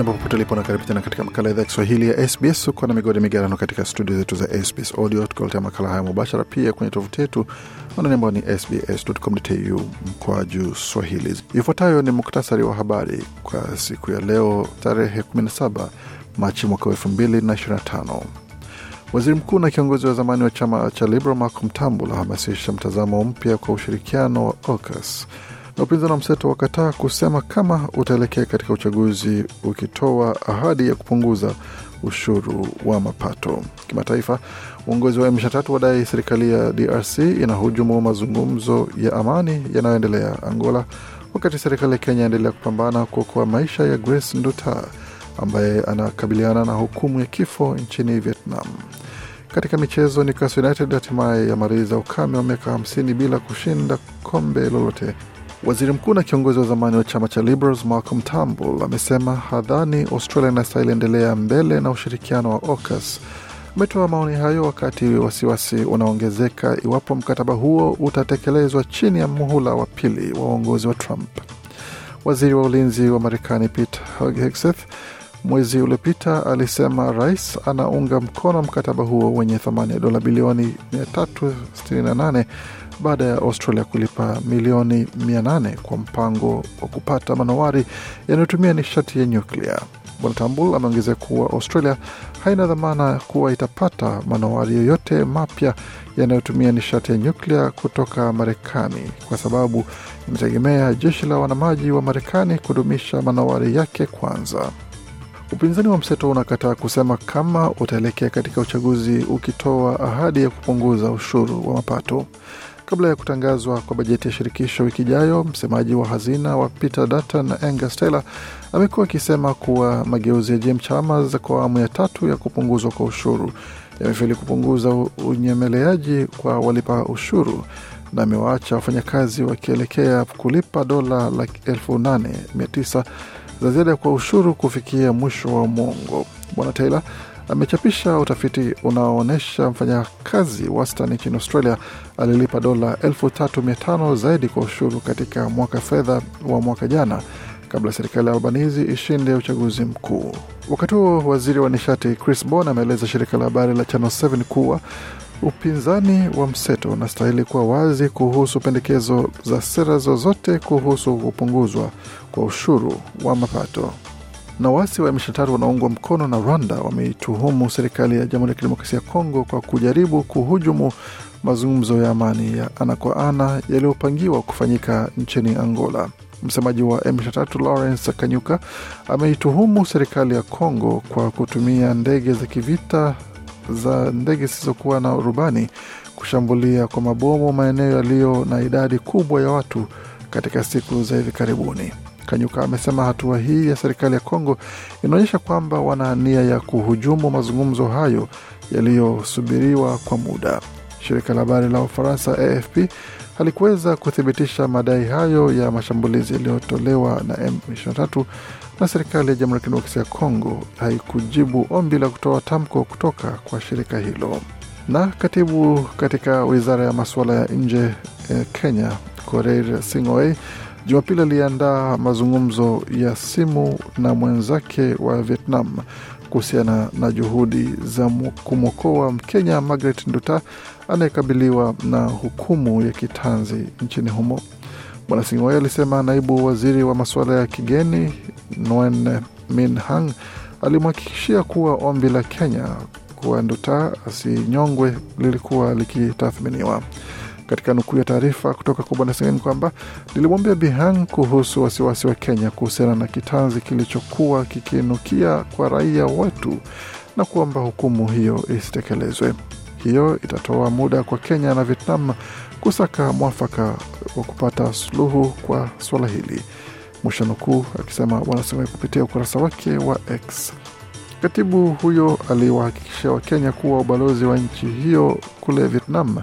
jambo popote ulipo na karibu tena katika makala idhaa ya Kiswahili ya SBS. Uko na migodi migarano katika studio zetu za SBS Audio, tukaletea makala haya mubashara pia kwenye tovuti yetu anani ambao ni sbs.com.au mkoa juu swahili. Ifuatayo ni muktasari wa habari kwa siku ya leo tarehe 17 Machi mwaka wa 2025. Waziri mkuu na kiongozi wa zamani wa chama cha Liberal Malcolm Turnbull ahamasisha mtazamo mpya kwa ushirikiano wa AUKUS na upinzani wa mseto wakataa kusema kama utaelekea katika uchaguzi ukitoa ahadi ya kupunguza ushuru wa mapato. Kimataifa, uongozi wa M23 wadai serikali ya DRC inahujumu mazungumzo ya amani yanayoendelea Angola, wakati serikali ya Kenya endelea kupambana kuokoa maisha ya Grace Nduta ambaye anakabiliana na hukumu ya kifo nchini Vietnam. Katika michezo, Newcastle United hatimaye yamaliza ukame wa miaka 50 bila kushinda kombe lolote Waziri mkuu na kiongozi wa zamani wa chama cha Liberals Malcolm Turnbull amesema hadhani Australia inastahili endelea mbele na ushirikiano wa AUKUS. Ametoa maoni hayo wakati wasiwasi unaongezeka iwapo mkataba huo utatekelezwa chini ya muhula wa pili wa uongozi wa Trump. Waziri wa ulinzi wa Marekani Pete Hegseth mwezi uliopita alisema rais anaunga mkono mkataba huo wenye thamani ya dola bilioni 368 baada ya Australia kulipa milioni 800 kwa mpango wa kupata manowari yanayotumia nishati ya nyuklia. Bwana Tambul ameongezea kuwa Australia haina dhamana kuwa itapata manowari yoyote mapya yanayotumia nishati ya nyuklia kutoka Marekani kwa sababu imetegemea jeshi la wanamaji wa Marekani kudumisha manowari yake kwanza. Upinzani wa mseto unakataa kusema kama utaelekea katika uchaguzi ukitoa ahadi ya kupunguza ushuru wa mapato. Kabla ya kutangazwa kwa bajeti ya shirikisho wiki ijayo, msemaji wa hazina wa Peter Dutton Angus Taylor amekuwa akisema kuwa mageuzi ya Jim Chalmers kwa awamu ya tatu ya kupunguzwa kwa ushuru yamefeli kupunguza unyemeleaji kwa walipa ushuru na amewaacha wafanyakazi wakielekea kulipa dola laki elfu nane mia tisa za ziada kwa ushuru kufikia mwisho wa mwongo. Bwana Taylor amechapisha utafiti unaoonyesha mfanyakazi wastani nchini Australia alilipa dola tano zaidi kwa ushuru katika mwaka fedha wa mwaka jana kabla serikali ya Albanizi ishinde uchaguzi mkuu. Wakati huo, waziri wa nishati Chris Bon ameeleza shirika la habari la Channel 7 kuwa Upinzani wa mseto unastahili kuwa wazi kuhusu pendekezo za sera zozote kuhusu kupunguzwa kwa ushuru wa mapato. Na waasi wa M23 wanaoungwa mkono na Rwanda wameituhumu serikali ya Jamhuri ya Kidemokrasia ya Kongo kwa kujaribu kuhujumu mazungumzo ya amani ya ana kwa ana yaliyopangiwa kufanyika nchini Angola. Msemaji wa M23 Lawrence Kanyuka ameituhumu serikali ya Kongo kwa kutumia ndege za kivita za ndege zisizokuwa na rubani kushambulia kwa mabomu maeneo yaliyo na idadi kubwa ya watu katika siku za hivi karibuni. Kanyuka amesema hatua hii ya serikali ya Kongo inaonyesha kwamba wana nia ya kuhujumu mazungumzo hayo yaliyosubiriwa kwa muda. Shirika la habari la Ufaransa AFP halikuweza kuthibitisha madai hayo ya mashambulizi yaliyotolewa na M23 na serikali ya Jamhuri ya Kidemokrasia ya Kongo haikujibu ombi la kutoa tamko kutoka kwa shirika hilo. Na katibu katika wizara ya masuala ya nje eh, Kenya Korir Sing'oei Jumapili aliandaa mazungumzo ya simu na mwenzake wa Vietnam kuhusiana na juhudi za kumwokoa Mkenya Margaret Nduta anayekabiliwa na hukumu ya kitanzi nchini humo. Bwana Singoi alisema naibu waziri wa masuala ya kigeni Noen Min Hang alimhakikishia kuwa ombi la Kenya kuwa Nduta asinyongwe lilikuwa likitathminiwa. Katika nukuu ya taarifa kutoka kwa Bwana ni kwamba lilimwambia Bihang kuhusu wasiwasi wa Kenya kuhusiana na kitanzi kilichokuwa kikiinukia kwa raia watu na kuomba hukumu hiyo isitekelezwe. Hiyo itatoa muda kwa Kenya na Vietnam kusaka mwafaka wa kupata suluhu kwa suala hili, mwisho nukuu, akisema wanasema kupitia ukurasa wake wa X. Katibu huyo aliwahakikishia Wakenya kuwa ubalozi wa nchi hiyo kule Vietnam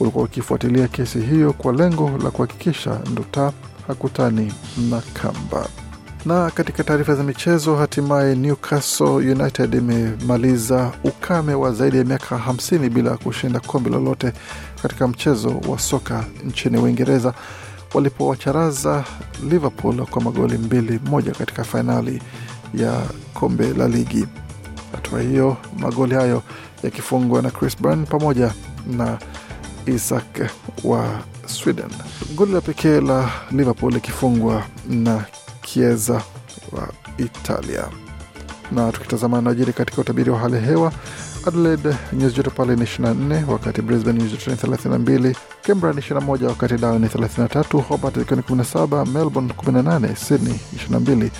ulikuwa ukifuatilia kesi hiyo kwa lengo la kuhakikisha Nduta hakutani na kamba. Na katika taarifa za michezo, hatimaye Newcastle United imemaliza ukame wa zaidi ya miaka 50 bila kushinda kombe lolote katika mchezo wa soka nchini Uingereza walipowacharaza Liverpool kwa magoli mbili moja katika fainali ya kombe la ligi. Hatua hiyo, magoli hayo yakifungwa na Chris Brown pamoja na Isak wa Sweden, goli la pekee la Liverpool likifungwa na Chiesa wa Italia. Na tukitazama najiri katika utabiri wa hali ya hewa, Adelaide nyuzi joto pale ni 24, wakati Brisbane nyuzi joto ni 32, Canberra ni 21, wakati Darwin ni 33, Hobart ikiwa ni 17, Melbourne 18, Sydney 22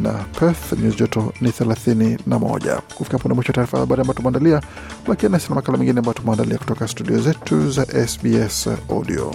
na Perth nyuzi joto ni 31. Kufika hapo na mwisho taarifa ya habari ambayo tumeandalia. lakini nasi na makala mengine ambayo tumeandalia kutoka studio zetu za SBS Audio.